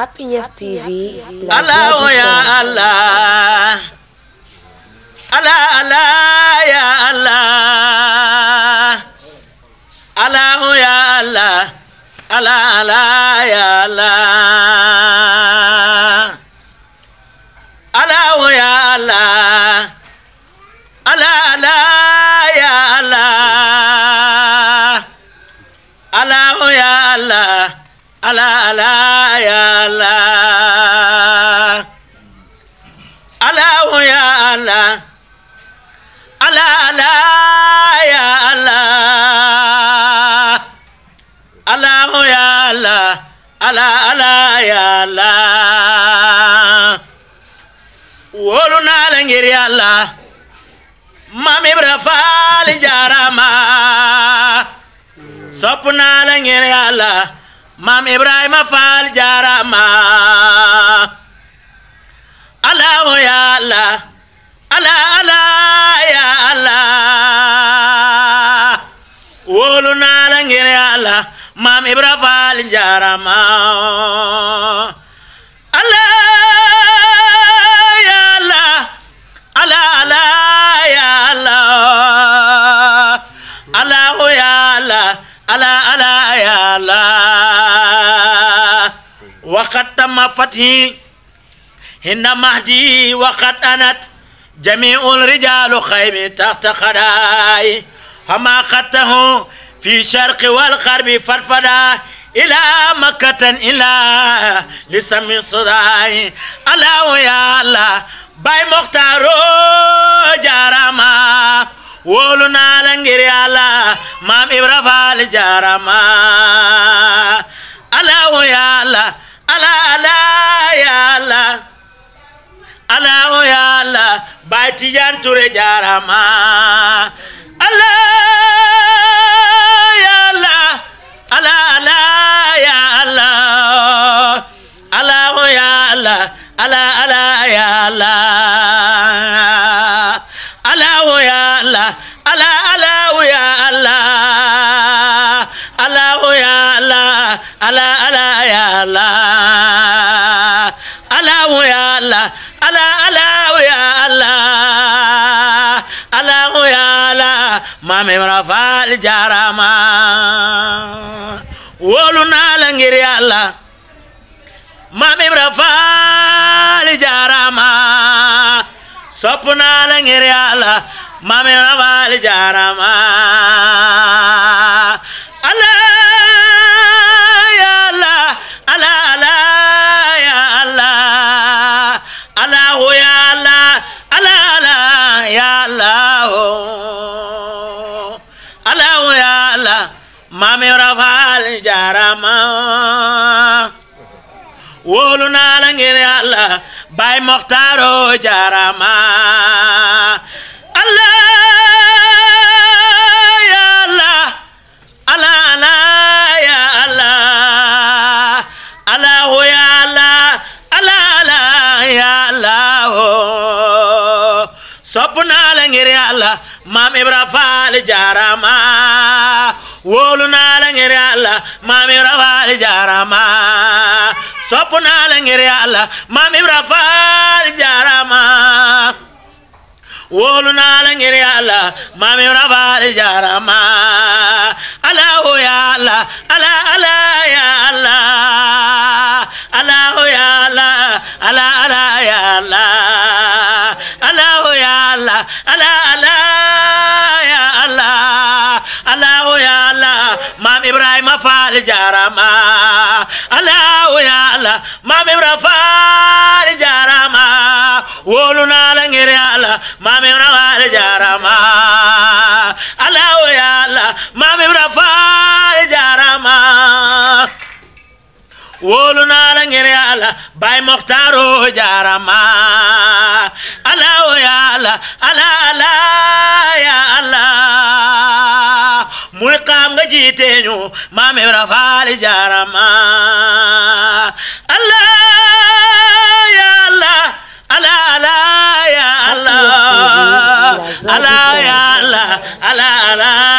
Happiness TV. Allah oh ya Allah. Allah Allah ya Allah. Allah oh ya Allah. Allah Allah ya Allah. Allah oh ya Allah. Allah Allah ya Allah. Allah oh ya Allah. ala ala ya allah ala oh ya allah ala ala allah ala oh ya allah ala ala allah wóolu naa la ngir yàlla maam Ibra naa la ngir yàlla maam ibrahima faal jaarama alaawo yaa la ala ala yaa allah wóolu naa la ngir yàlla maam ibra faal jaarama ala yaa la ala ala yaa allah alaawo yaa yaa allah وقد تم فتحي هن مهدي وقد أنت جميع الرجال خيم تحت خداي هما خطه في شرق والغرب فرفدا إلى مكة إلى لسم صداي الله يا الله باي مختار جارما ولنا لنجري على مام إبرافال جارما الله يا الله ala ala yàlla ala o yàlla Baay Tijaan Ture jaarama ala yàlla ala ala yàlla ala o yàlla ala ala yàlla ala o yàlla ala ala o yàlla ala o yàlla ala ala yàlla maam Ibra Faal jaaraama wóolu naa la ngir yàlla maam Ibra Faal jaaraama sopp naa la ngir yàlla maam Ibra Faal jaaraama maam Ibra Faal jaarama wóolu naa la ngir yàlla Baay Moxtaaro jaarama allah ya allah allah allah ya allah allahu ya allah allah allah ya allah sopp naa la ngir yàlla maam Ibra Faal jaarama wóolu naa la ngir yàlla maam Ibra Faal jaarama sopp naa la ngir yàlla maam Ibra Faal jaarama wóolu naa la ngir yàlla maam Ibra Faal jaarama alaahu yàlla ibrahima faal jaarama allahu ya allah maam ibra faal jaarama wóolu naa la ngir yàlla maam ibra faal jaarama allahu ya allah maam ibra faal jaarama wóolu naa la ngir yàlla bay moxtaaro jaarama allahu ya allah ala ala ya allah muy xaam nga jiiteeñu maam Ibra Faal jaarama allah ya allah ala ala ya allah ala ya allah ala ala